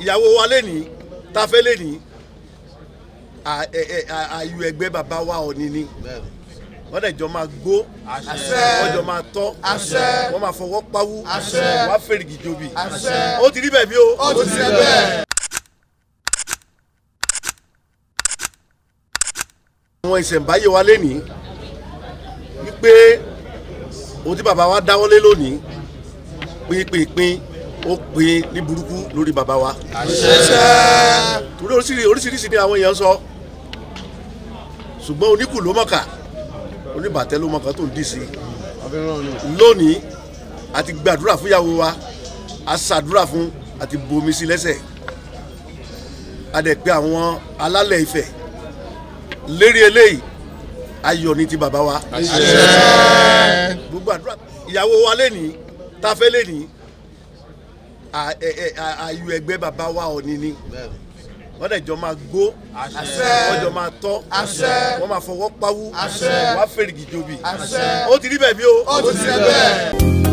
ìyàwó wa lẹ́nìí tá a fẹ́ lẹ́nìí àyù ẹgbẹ́ baba wa Ọọ̀ni ni wọ́n dẹ̀ jọ máa gbó àṣẹ wọ́n jọ máa tọ́ àṣẹ wọ́n máa fọwọ́ pawú àṣẹ wọ́n á fèrègì jobi àṣẹ ó ti rí bẹ́ẹ̀ bí o ó ti rí bẹ́ẹ̀. àwọn ìṣẹ̀ǹbáyé wa lẹ́nìí wípé ohun tí bàbá wa dáwọ́lé lónìí pínpín pín ó pin ní burúkú lórí bàbá wa. torí oríṣiríṣi ni àwọn èèyàn sọ ṣùgbọ́n oníkù ló mọ̀ọ́kà oníbàtẹ́ ló mọ̀ọ́kà tó ń dì sí i. lónìí a ti gbàdúrà fún ìyàwó wa a ṣàdúrà fún a ti bomi sí lẹ́sẹ̀ a dẹ̀ pé àwọn alálẹ̀ Ifẹ̀ lérí eléyìí ayọ̀ ní ti bàbá wa. gbogbo àdúrà ìyàwó wa lẹ́nìí tá a fẹ́ lẹ́nìí àyù ẹgbẹ́ bàbá wa Ọọ̀ni ni wọ́n dẹ̀ jọ máa gbó àṣẹ wọ́n jọ máa tọ́ àṣẹ wọ́n máa fọwọ́ pawú àṣẹ wọ́n á fèrègì jobi àṣẹ ó ti rí bẹ́ẹ̀ bí o ó ti rí bẹ́ẹ̀.